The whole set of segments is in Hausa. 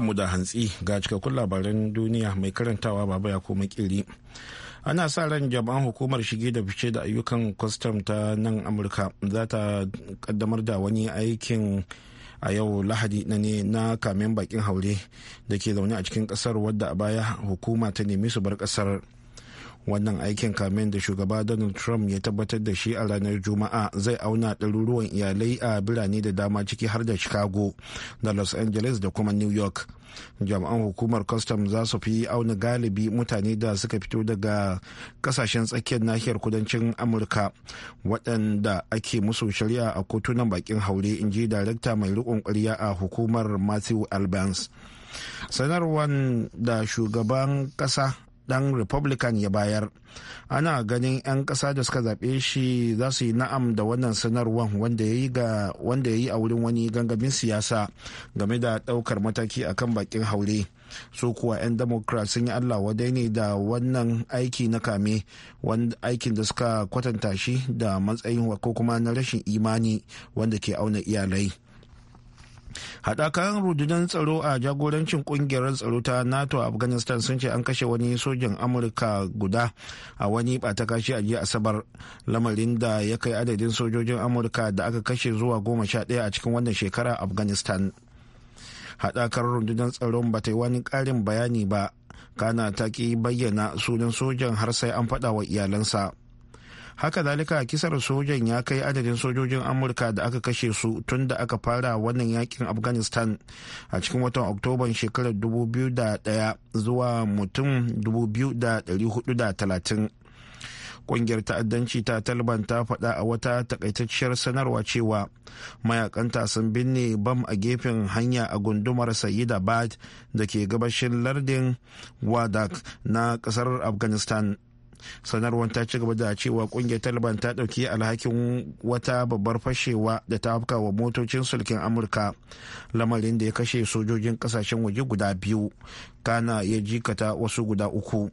mu da hantsi ga cikakkun labaran duniya mai karantawa baba ya koma kiri. Ana sa ran jama'an hukumar shige da fice da ayyukan kwastam ta nan Amurka za ta kaddamar da wani aikin a yau lahadi na ne na kamen bakin haure da ke zaune a cikin kasar wadda a baya hukuma ta nemi su bar kasar. wannan aikin kamen da shugaba donald trump ya tabbatar da shi a ranar juma'a zai auna ɗaruruwan iyalai a birane da dama ciki har da chicago da los angeles da kuma new york jami'an hukumar kwastam za su fi auna galibi mutane da suka fito daga kasashen tsakiyar nahiyar kudancin amurka waɗanda ake musu shari'a a kotunan bakin haure in ji darakta mai riƙon ƙwarya a hukumar matthew albans sanarwar da shugaban ƙasa dan republican ya bayar ana ganin 'yan kasa da suka zaɓe shi za su yi na'am da wannan sanarwar wanda ya yi a wurin wani gangamin siyasa game da ɗaukar mataki a kan bakin haure su kuwa 'yan democrat sun yi allah wadai ne da wannan aiki na kame wanda aikin da suka kwatanta shi da matsayin ko kuma na rashin imani wanda ke auna iyalai haɗakan rundunar tsaro a jagorancin ƙungiyar tsaro ta nato a afghanistan sun ce an kashe wani sojin amurka guda a wani ɓatakashi a jiya asabar lamarin da ya kai adadin sojojin amurka da aka kashe zuwa goma sha ɗaya a cikin wannan shekara afghanistan haɗakar rundunar tsaron ba ta yi wani ƙarin bayani ba kana ta ki bayyana sunan sojan har sai an faɗa wa iyalansa haka dalika kisar sojan ya kai adadin sojojin amurka da aka kashe su tun da aka fara wannan yakin afghanistan a cikin watan oktoba shekarar 2001 zuwa mutum 2430 kungiyar ta'addanci ta taliban ta faɗa a wata takaitacciyar sanarwa cewa mayakanta sun binne bam a gefen hanya a gundumar bad da ke gabashin lardin wadak na ƙasar afghanistan sanarwar ta ci gaba da cewa kungiyar taliban ta ɗauki alhakin wata babbar fashewa da ta afka wa motocin sulkin amurka lamarin da ya kashe sojojin kasashen waje guda biyu kana ya jikata wasu guda uku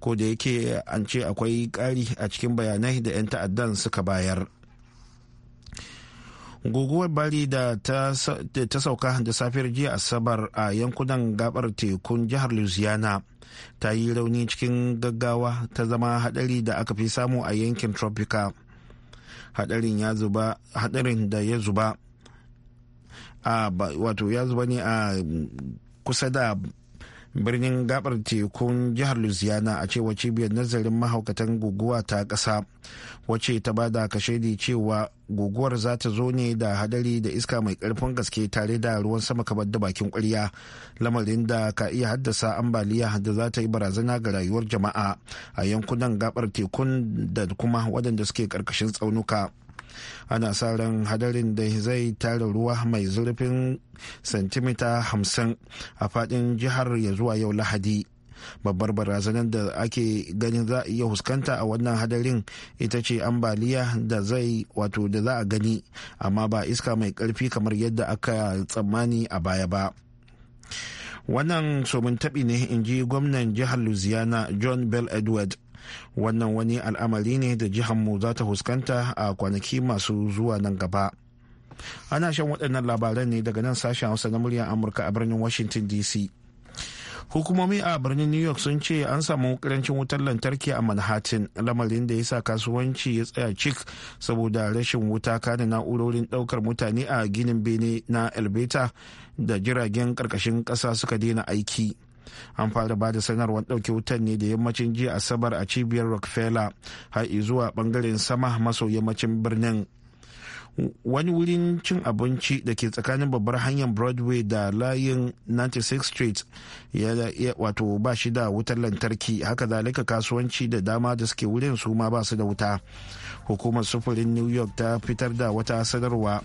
ko da yake an ce akwai ƙari a cikin bayanai da 'yan ta'addan suka bayar guguwar bari da ta sauka da safiyar jiya asabar a yankunan gabar tekun jihar louisiana ta yi rauni cikin gaggawa ta zama hadari da aka fi samu a yankin tropika hadarin da ya zuba a wato ya zuba ne a kusa da birnin gabar tekun jihar louisiana a cewa cibiyar nazarin mahaukatan guguwa ta ƙasa wacce ta bada kashedi cewa guguwar za ta zo ne da hadari da iska mai karfin gaske tare da ruwan sama kamar da bakin kwarya lamarin da ka iya haddasa ambaliya da za ta yi barazana ga rayuwar jama'a a yankunan gabar tekun da kuma waɗanda suke karkashin tsaunuka ana sa ran hadarin da zai tara ruwa mai zurfin santimita 50 a faɗin jihar ya zuwa yau lahadi babbar barazanar da ake ganin za a iya fuskanta a wannan hadarin ita ce ambaliya da zai wato da za a gani amma ba iska mai karfi kamar yadda aka tsammani a baya ba wannan somin taɓi ne in ji gwamnan jihar louisiana john bell edward wannan wani al'amari ne da jihar mu za ta huskanta a kwanaki masu zuwa nan gaba ana shan waɗannan labaran ne daga nan sashen hausa na muryar amurka a birnin washington dc hukumomi a birnin new york sun ce an samu karancin wutar lantarki a manhattan lamarin da ya sa kasuwanci ya tsaya cik saboda rashin wuta kana na'urorin daukar mutane a ginin bene na elbeta da jiragen karkashin kasa suka daina aiki an fara ba da sanarwar ɗauke wutan ne da yammacin jiya asabar a cibiyar rockefeller har zuwa bangaren sama maso yammacin birnin wani wurin cin abinci da ke tsakanin babbar hanyar broadway da layin 96 street ya wato ba shi da wutar lantarki haka zalika kasuwanci da dama da suke wurin su ma ba su da wuta hukumar sufurin new york ta fitar da wata sadarwa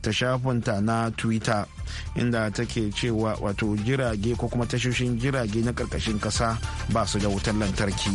ta shafinta na twitter inda take cewa wato jirage ko kuma tashoshin jirage na karkashin kasa ba su da wutar lantarki.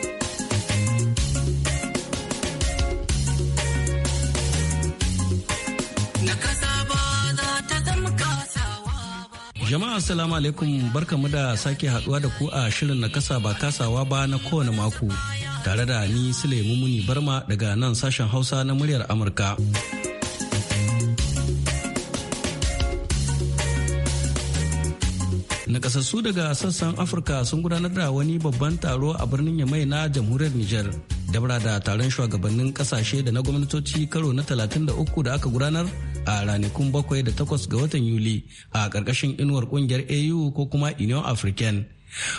Jama'a assalamu alaikum mu da sake haduwa da ku a shirin na kasa ba kasawa ba na kowane mako tare da ni Sule muni Barma daga nan sashen Hausa na muryar Amurka. Nakasassu daga sassan Afirka sun gudanar da wani babban taro a birnin Yamai na jamhuriyar Nijar. Dabra da taron shugabannin kasashe da na gwamnatoci karo na 33 da aka gudanar a ranakun bakwai da takwas ga watan Yuli a ƙarƙashin inuwar ƙungiyar AU ko kuma Union African.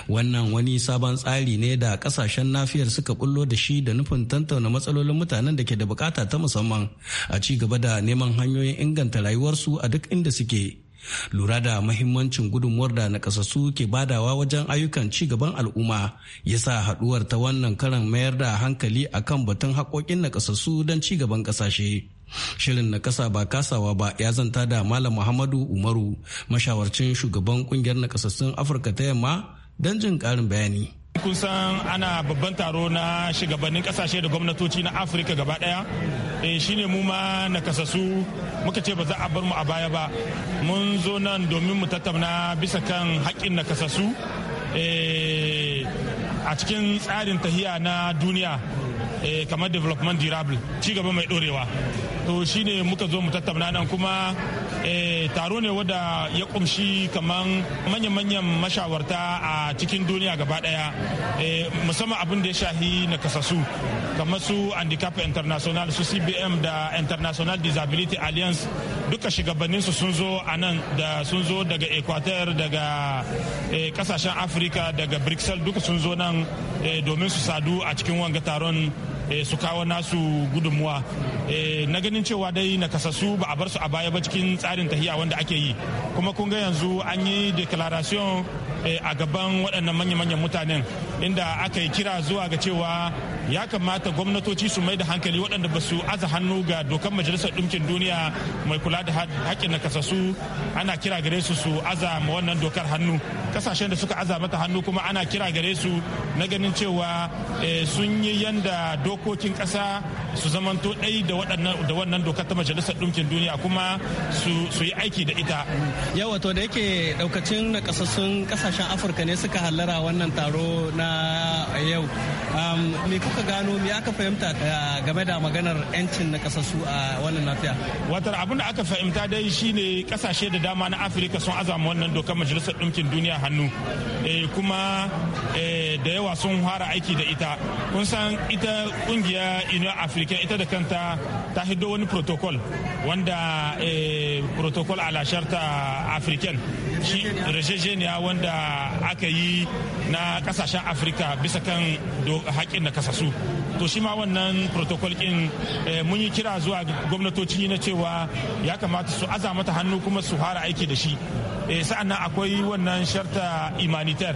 Wannan wani sabon tsari ne da kasashen nafiyar suka bullo da shi da nufin tantauna matsalolin mutanen da ke da bukata ta musamman a ci gaba da neman hanyoyin inganta rayuwarsu a duk inda suke. lura da mahimmancin gudunmuwar da nakasassu ke badawa wajen ayyukan ci gaban al'umma ya sa haɗuwar ta wannan karan mayar da hankali akan batun haƙoƙin nakasassu don ci gaban ƙasashe Shirin na kasa ba kasawa ba ya zanta da Malam Muhammadu Umaru mashawarcin shugaban kungiyar na kasassun Afirka ta yamma don jin karin bayani. kun san ana babban taro na shugabannin kasashe da gwamnatoci na afirka gaba daya eh, shine mu ma nakasasu muka ce ba za a bar mu a baya ba mun zo nan domin mu tattauna bisa kan haƙƙin nakasasu eh, a cikin tsarin tahiya na duniya eh, kamar development durable cigaba mai ɗorewa to shi ne muka zo mu tattauna nan kuma eh, taro ne wadda ya kumshi kamar manya-manyan mashawarta a cikin duniya gaba daya eh, musamman abin da ya shahi na kasasu kamar su handicap international su cbm da international disability alliance duka shugabanninsu sun zo a nan da sun zo daga equator daga kasashen eh, afirka daga brixel duka sun zo nan domin su sadu a cikin wanga taron Eh, su kawo nasu gudunmuwa eh, na ganin cewa dai nakasassu ba a bar su a baya ba cikin tsarin tahiya wanda ake yi kuma kun ga yanzu an yi declaration eh, a gaban waɗannan manya-manyan mutanen inda aka yi kira zuwa ga cewa ya kamata gwamnatoci su mai da hankali waɗanda ba su aza hannu ga dokar majalisar ɗinkin duniya mai kula da haƙƙin kasasu ana kira gare su su aza ma wannan dokar hannu kasashen da suka aza mata hannu kuma ana kira gare su na ganin cewa eh, sun yi yanda dokokin ƙasa su zamanto ɗai da wannan dokar ta majalisar ɗinkin duniya kuma su yi aiki da ita yawa to da yake ɗaukacin na kasashen afirka ne suka hallara wannan taro na yau ni kuka ka gano me aka fahimta eh, game da maganar 'yancin na kasasu a wannan lafiya watar abin da aka fahimta dai shine kasashe da dama na afirka sun azama wannan dokar majalisar ɗinkin duniya hannu eh, kuma eh, da yawa sun fara aiki da ita kun san ita kungiya union african ita da kanta ta hiddo wani protocol wanda protocol a lasharta african shi wanda aka yi na kasashen afirka bisa kan haƙƙin na kasasu to shi ma wannan protocol ɗin eh, mun yi kira zuwa gwamnatoci na cewa ya kamata su aza mata hannu kuma su fara aiki da shi eh, sa'an nan akwai wannan sharta imanitar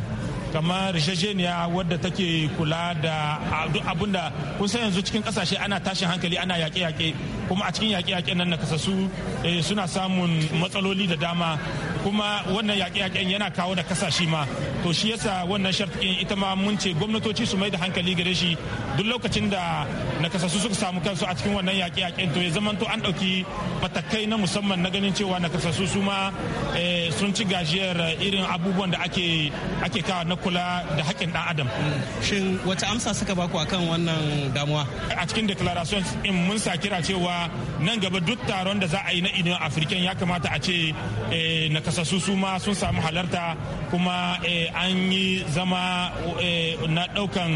kamar rishajeniya wadda take kula da duk da kun san yanzu cikin kasashe ana tashin hankali ana yaƙe-yaƙe kuma a cikin yaƙe-yaƙe nan na kasasu eh, suna samun matsaloli da dama kuma wannan yaƙe-yaƙen yana kawo da kasashe ma to shi yasa wannan shartikin ita ma mun ce gwamnatoci su mai da hankali gare shi duk lokacin da nakasassu suka samu kansu a cikin wannan yaƙe-yaƙen to ya zamanto an ɗauki matakai na musamman na ganin cewa nakasassu su ma eh, sun ci gajiyar irin abubuwan da ake ake kawo na kula da haƙƙin ɗan adam. shin wata amsa suka ba ku akan wannan damuwa. a cikin declaration in mun sa kira cewa nan gaba duk taron da za a yi na idan afirikan ya kamata a ce eh, nakasassu kasa su ma sun samu halarta kuma eh, an yi zama eh, na daukan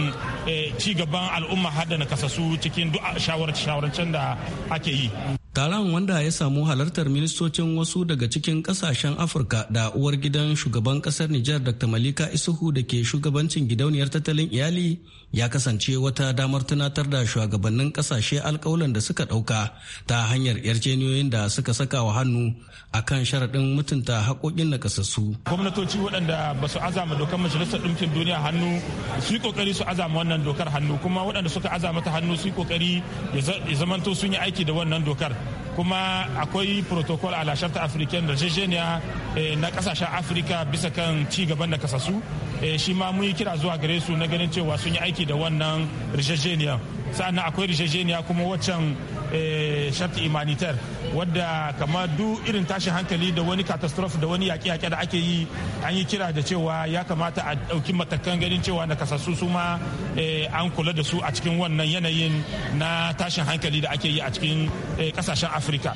eh, ci gaban al'umma har da nakasassu cikin duk shawarcen da ake yi. Taron wanda ya samu halartar ministocin wasu daga cikin kasashen Afirka da uwar gidan shugaban kasar Nijar Dr. Malika Isuhu da ke shugabancin gidauniyar tattalin iyali ya kasance wata damar tunatar da shugabannin kasashe alkawalan da suka ɗauka ta hanyar yarjeniyoyin da suka saka wa hannu akan sharaɗin mutunta haƙoƙin nakasassu. gwamnatoci waɗanda ba su azama dokar majalisar ɗinkin duniya hannu su yi ƙoƙari su azama wannan dokar hannu kuma waɗanda suka azama ta hannu su yi ƙoƙari ya zamanto sun yi aiki da wannan dokar kuma akwai protocol a lashar ta africaine da jejeniya eh, na kasashen afirka bisa kan ci gaban da kasasu eh, shi ma mun yi kira zuwa gare su na ganin cewa sun yi aiki da wannan rijejeniya sa'an akwai rijejeniya kuma waccan Eh, sharti imanitar wadda kama duk irin tashin hankali da wani catastrophe da wani yaƙi yaƙi da ake yi an yi kira da cewa ya kamata a ɗauki matakan ganin cewa na kasassu su ma eh, an kula da su a cikin wannan yanayin na tashin hankali da ake yi a cikin eh, ƙasashen afirka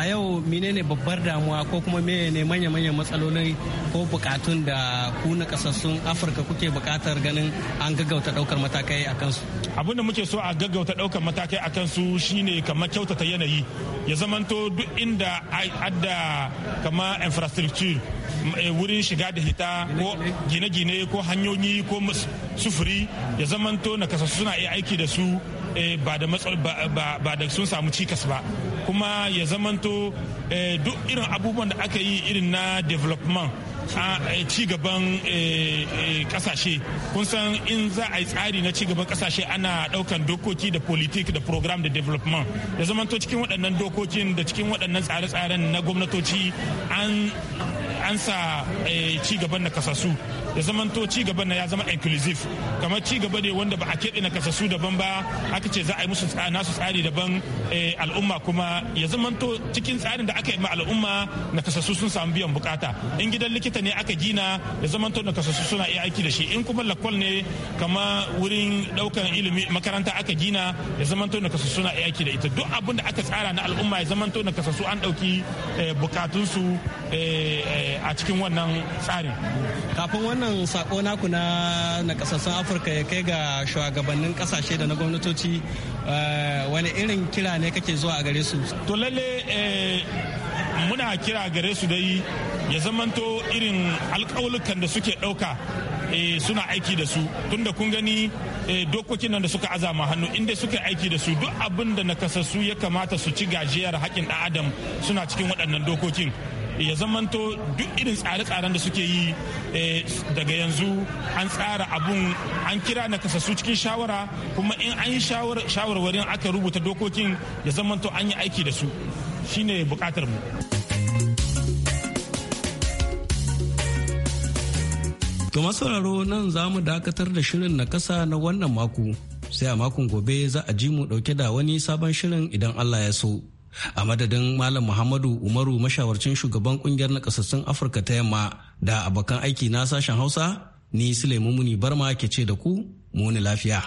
a yau menene babbar damuwa ko kuma menene manya manya matsalolin ko bukatun da ku na kasassun afirka kuke bukatar ganin an gaggauta daukar matakai a kansu abinda muke so a gaggauta daukar matakai a kansu shine ce kamar kyautata yanayi ya zamanto duk inda adda kamar infrastructure eh, wurin shiga da hita ko gine-gine ko hanyoyi ko sufuri ya zamanto na kasa suna iya aiki da su eh, ba da ba da sun samu cikas ba kuma ya zamanto eh, duk irin abubuwan da aka yi irin na development Eh, cigaban eh, eh, kasashe kun san in za a yi tsari na ci gaban kasashe ana daukan dokoki da politik da program da development da zamanto cikin waɗannan dokokin da cikin waɗannan tsare-tsaren na gwamnatoci an sa cigaban gaban na kasasu ya zamanto ci gaba na ya zama inclusive kamar ci gaba ne wanda ba a keɓe na kasasu daban ba aka ce za a yi musu nasu tsari daban eh, al'umma kuma ya zamanto cikin tsarin da aka yi ma al'umma na kasasu sun samu biyan bukata in gidan likita ne aka gina ya zamanto na kasasu suna iya aiki da shi in kuma lakwal ne kama wurin daukan ilimi makaranta aka gina ya zamanto na kasasu suna iya aiki da ita duk abin da aka tsara na al'umma ya zamanto na kasasu an ɗauki eh, bukatunsu eh, a cikin wannan tsarin kafin wannan sako naku na nakasassun afirka ya kai ga shugabannin kasashe da na gwamnatoci eh, wani irin kira ne kake zuwa a gare su to lalle eh, muna kira gare su dai ya zamanto irin alkawulukan da suke ɗauka eh, suna aiki da su tunda kun gani dokokin nan da suka azama hannu inda suka aiki da su duk abin da nakasassu ya kamata su ci gajiyar haƙƙin ɗan adam suna cikin waɗannan dokokin ya zamanto duk irin tsare-tsaren da suke yi eh, daga yanzu an tsara abun an kira na kasassu cikin shawara kuma in an yi shawarwarin aka rubuta dokokin ya zamanto an yi aiki da su shine bukatar mu To sauraro nan za mu dakatar da shirin na kasa na wannan mako sai a makon gobe za a ji mu dauke da wani sabon shirin idan Allah ya so. a madadin malam muhammadu umaru mashawarcin shugaban kungiyar nakasassun afirka ta yamma da abokan aiki na sashen hausa ni sulaimu muni barma ke ce da ku muni lafiya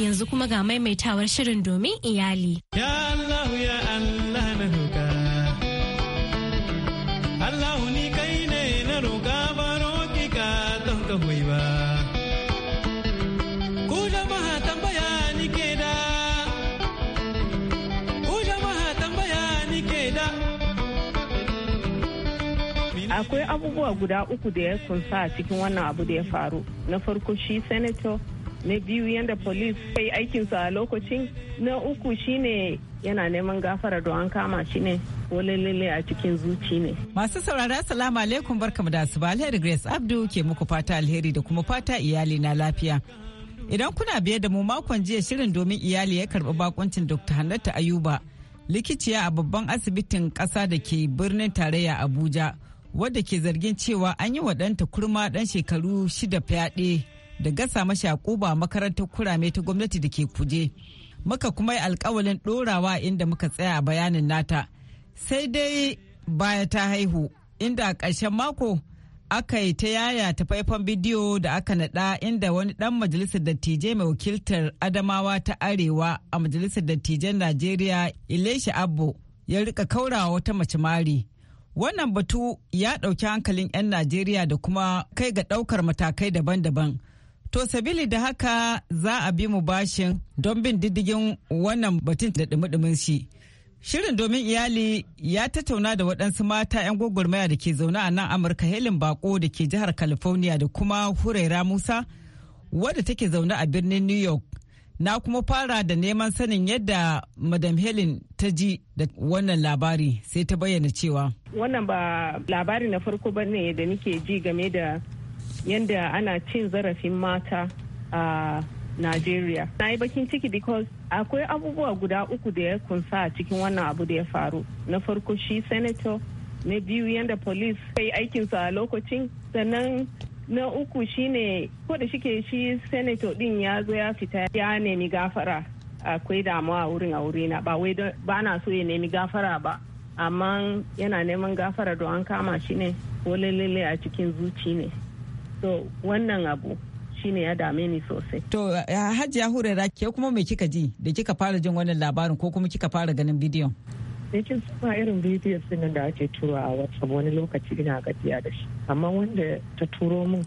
yanzu kuma ga maimaitawar shirin domin iyali. Ya Allah ya Allah na roƙa. Allah ni kai ne na roƙa ba roƙi ka don ka hoyi ba. Ku jama'a tambaya ni ke da. Ku jama'a tambaya ni ke da. Akwai abubuwa guda uku da ya kunsa a cikin wannan abu da ya faru. Na farko shi senator na biyu yadda police kai aikinsa a lokacin na uku shine yana neman gafara da an kama shi ne ko lalle a cikin zuci ne. Masu saurara salamu alaikum barkamu da asuba alheri Grace Abdu ke muku fata alheri da kuma fata iyali na lafiya. Idan kuna biye da mu makon jiya shirin domin iyali ya karɓi bakuncin Dr. Hannatu Ayuba likiciya a babban asibitin kasa da ke birnin tarayya Abuja wadda ke zargin cewa an yi wa ɗanta kurma ɗan shekaru shida fyaɗe da gasa mashi akuba makarantar kurame ta gwamnati da ke kuje muka kuma yi alkawalin dorawa inda muka tsaya a bayanin nata sai dai baya ta haihu inda a ƙarshen mako aka yi ta yaya ta faifan bidiyo da aka naɗa inda wani ɗan majalisar dattijai mai wakiltar adamawa ta arewa a majalisar dattijan najeriya ilesha abbo ya rika kaurawa wata mace mari wannan batu ya ɗauki hankalin 'yan najeriya da kuma kai ga ɗaukar matakai daban-daban To sabili da haka za a bi mu bashin don bin diddigin wannan batun da dumi shi. Shirin domin iyali ya tattauna da waɗansu mata 'yan gwagwarmaya da ke zaune a nan Amurka Helen Bako da ke jihar California da kuma Huraira Musa wadda take zaune a birnin New York. Na kuma fara da neman sanin yadda Madam Helen ta ji da wannan labari sai ta bayyana cewa. Wannan ba labari na farko ba ne da nike ji game da yanda ana cin zarafin mata a Najeriya. Na yi bakin ciki because akwai abubuwa guda uku da ya kunsa a cikin wannan abu da ya faru. Na farko shi senator, na biyu yadda police kai aikinsa a lokacin, sannan na uku shine ko da shike shi senator din ya zo ya fita ya nemi gafara akwai damuwa wurin a na ba wai ba na so ya nemi gafara ba amma yana neman gafara don an kama shi ne ko lalle a cikin zuci ne so wannan abu shine ya dame ni sosai to uh, ya hurera ke kuma mai kika ji da kika fara jin wannan labarin ko kuma kika fara ganin bidiyon eh, kin suna irin bidiyo nan da ake turo a whatsapp wani lokaci ina gajiya da shi amma wanda ta turo min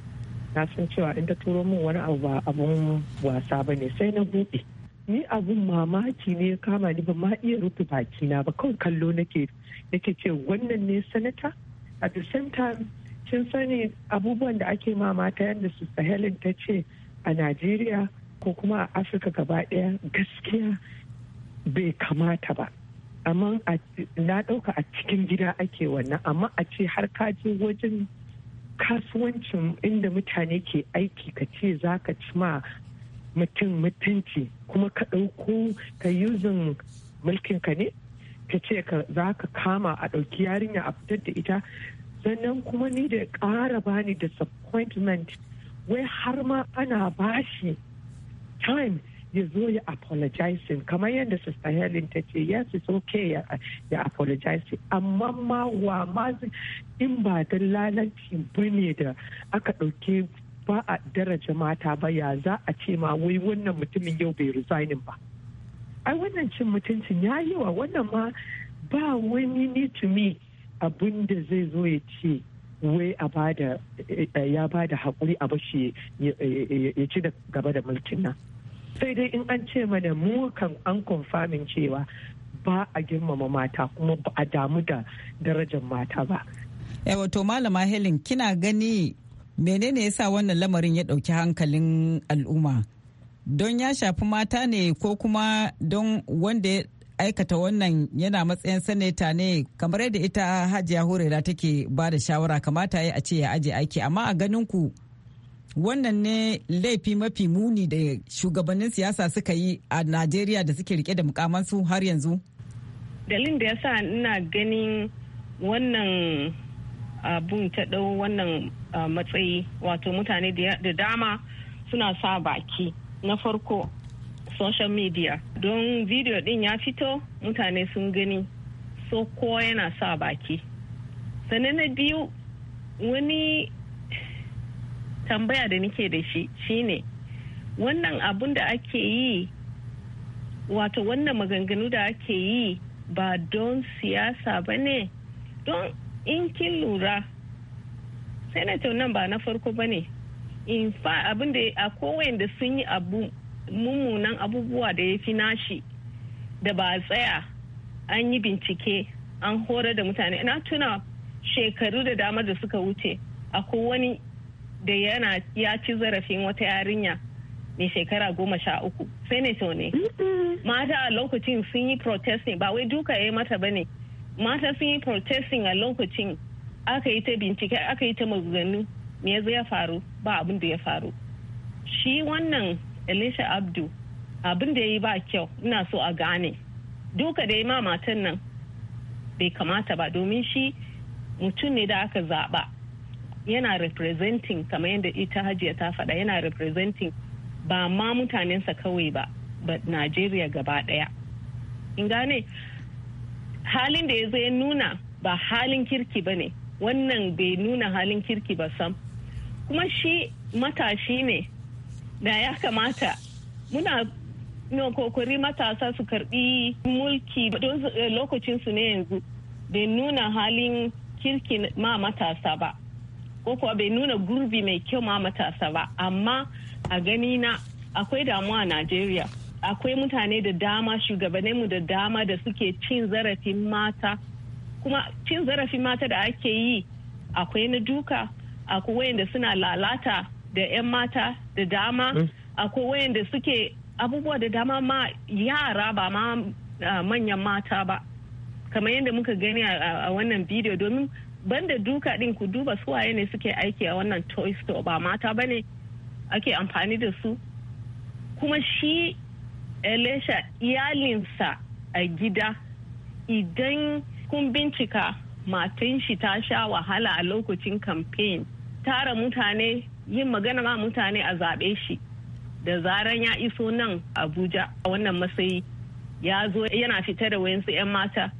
na san cewa in ta turo min wani abu ba abun wasa ba ne sai na buɗe ni abun mamaki ne ya kama ni ba ma iya rufe bakina ba kawai kallo nake nake ce wannan ne sanata at the same time kin sani abubuwan da ake ma mata yadda su sahelin ta ce a najeriya ko kuma a afirka gaba daya gaskiya bai kamata ba amma na ɗauka a cikin gida ake wannan amma a ce har ka je wajen kasuwancin inda mutane ke aiki ka ce za ka ci ma mutum mutunci kuma ka ɗauko ka yuzin mulkin ka ne ka ce za ka kama a ɗauki yarinya a fitar da ita sannan kuma ni da ƙara bani disappointment wai har ma ana bashi time ya zo ya apologizing kamar yadda sister helen ta ce yes it's okay ya, apologizing amma ma wa ma in ba da ba bane da aka ɗauke ba a daraja mata ba ya za a ce ma wai wannan mutumin yau bai resigning ba ai wannan cin mutuncin ya yi wa wannan ma ba wani need to meet. abin da zai zo ya ce wai a ba da eh, bada haƙuri a bashi ya ci da gaba da mulkin nan sai dai in an ce mana mu kan an konfamin cewa ba a girmama mata kuma ba a damu da darajar mata ba wato malama helen kina gani menene sa wannan lamarin ya ɗauki hankalin al'umma don ya shafi mata ne ko kuma don wanda aikata wannan yana matsayin sanata ne kamar yadda ita hajiya horera take ba da shawara kamata ya a ce ya aje aiki amma a ganin ku wannan ne laifi mafi muni da shugabannin siyasa suka yi a najeriya da suke rike da mukamansu har yanzu dalilin da ya sa ina ganin wannan abun ta ɗau wannan ah, matsayi wato mutane da dama suna sa baki na farko social media don video din ya fito mutane sun gani so kowa yana sa baki sannan na biyu wani tambaya da nike da shi shine wannan abun da ake yi wato wannan maganganu da ake yi ba don siyasa ba ne don in kin lura senator nan ba na farko ba ne in fa abin da a kowai da sun yi abu mummunan abubuwa da ya fi nashi da ba tsaya an yi bincike an horar da mutane na tuna shekaru da dama da suka wuce akwai wani da yana ya ci zarafin wata yarinya mai shekara goma sha uku senator ne mata a lokacin sun yi protesting ba wai duka ya yi mata ba ne mata sun yi protesting a lokacin aka yi ta bincike aka yi ta maganganu me ya faru ba abin da ya faru shi wannan elisha abdu abin da ya yi ba kyau ina so a gane duka da ya ma matan nan bai kamata ba domin shi mutum ne da aka zaɓa yana representing kamar yadda ita hajiya ta faɗa yana representing ba ma mutanensa kawai ba but najeriya gaba ɗaya in gane halin da ya zo ya nuna ba halin kirki ba ne wannan bai nuna halin kirki ba sam kuma shi matashi ne da ya kamata muna no kokori matasa su karbi mulki don lokacin su eh, ne yanzu bai nuna halin kirki ma matasa ba ko kuwa bai nuna gurbi mai kyau ma matasa ba amma a gani na akwai damuwa a najeriya akwai mutane da dama mu da dama da suke cin zarafin mata kuma cin zarafin mata da ake yi akwai na duka akwai wayanda suna lalata da 'yan mata da dama mm. akwai wayanda suke abubuwa da dama ma yara ba ma manyan mata ba kamar yadda muka gani a wannan bidiyo domin banda duka din ku duba su waye ne suke aiki a wannan toy store ba mata ba ne ake amfani da su kuma shi elisha iyalinsa a gida idan kun bincika matan shi ta sha wahala a lokacin campaign tara mutane yin magana ma mutane a zaɓe shi da zaran ya iso nan abuja a wannan matsayi ya zo yana fita da wayansu 'yan mata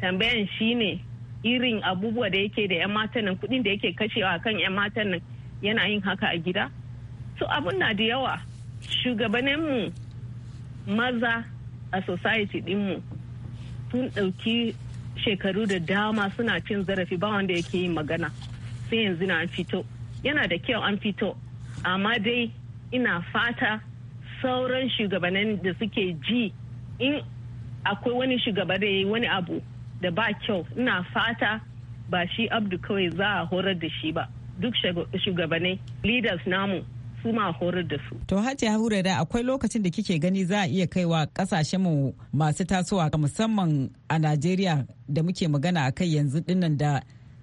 tambayan ne irin abubuwa da yake da 'yan matan nan kudin da yake kashewa kan 'yan matan nan yana yin haka a gida su abun na da yawa shugabanninmu maza a society mu sun ɗauki shekaru da dama suna cin zarafi ba wanda yake yin magana sai yanzu na fito yana da kyau an fito amma dai ina fata sauran shugabannin da suke ji in akwai wani shugaba da yi wani abu da ba kyau ina fata ba shi abdu kawai za a horar da shi ba duk shugabannin leaders namu su ma horar da su. To Hajiya da akwai lokacin da kike gani za a iya kaiwa kasashen mu masu tasowa musamman a Najeriya da muke magana a kai yanzu dinnan da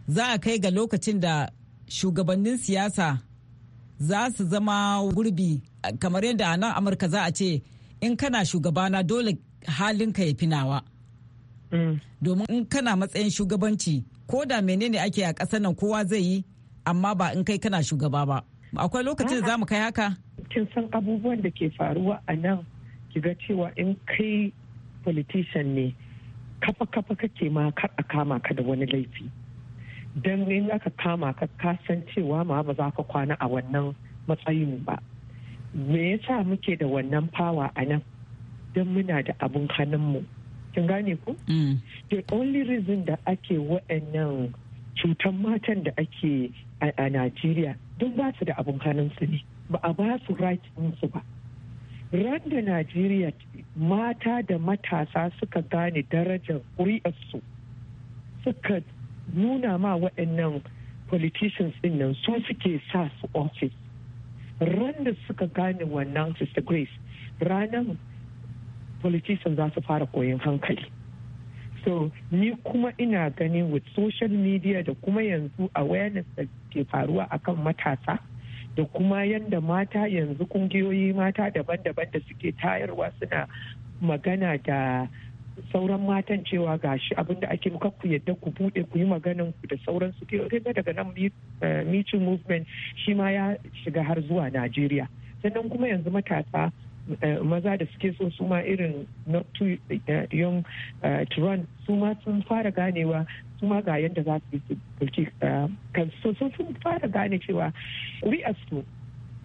za a kai ga lokacin da shugabannin siyasa za su zama gurbi kamar yadda a nan amurka za a ce in kana shugabana dole halin ka ya finawa mm. domin in kana matsayin shugabanci ko da menene ake a ƙasar nan kowa zai yi amma ba in kai kana shugaba ba akwai lokacin da za mu kai haka kin san abubuwan da ke faruwa a nan ki ga cewa in kai politician ne kafa kafa kake ma kar a kama ka da wani laifi don in aka kama ka kasan cewa ma ba za ka kwana a wannan matsayin ba me yasa muke da wannan fawa a nan don muna da abin hannunmu kin gane ku mm. the only reason da ake waɗannan cutan matan da ake a Najeriya don ba su da abun hannunsu ne ba a ba su su ba ran da Najeriya mata da matasa suka gane darajar ƙuri'arsu suka nuna ma waɗannan politicians din nan su suke sa su office ran da suka gane wannan sister grace ranar politicians za su fara koyon hankali so ni kuma ina ganin with social media da kuma yanzu awareness da ke faruwa akan matasa da kuma yadda mata yanzu kungiyoyi mata daban-daban da suke tayarwa suna magana da sauran matan cewa gashi abinda ake muka ku yadda ku bude ku yi maganan ku da sauran su ga daga nan mitu eh, movement shi ma ya shiga har zuwa Najeriya sannan kuma yanzu matasa eh, maza da suke so su ma irin not too eh, young to run su ma sun fara ganewa su ma ga yadda za su yi kansu sun fara gane cewa su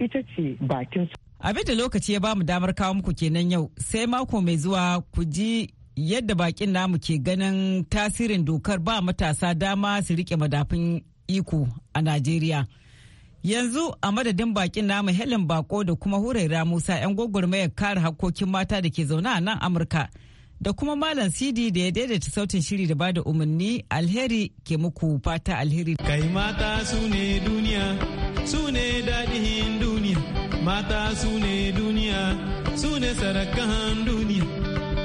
ita ce bakin abin da lokaci ya ba mu damar kawo muku kenan yau sai mako mai zuwa ku ji yadda bakin namu ke ganin tasirin dokar ba matasa dama su rike madafin iko a Najeriya. Yanzu a madadin bakin namu Helen Bako da kuma Huraira Musa 'yan gwagwarmayar kare hakkokin mata da ke zaune a nan Amurka da kuma Malam Sidi da ya daidaita sautin shiri da bada umarni alheri ke muku fata alheri. Kai mata su ne duniya, su ne dadihin duniya, mata su ne duniya, su ne sarakan duniya.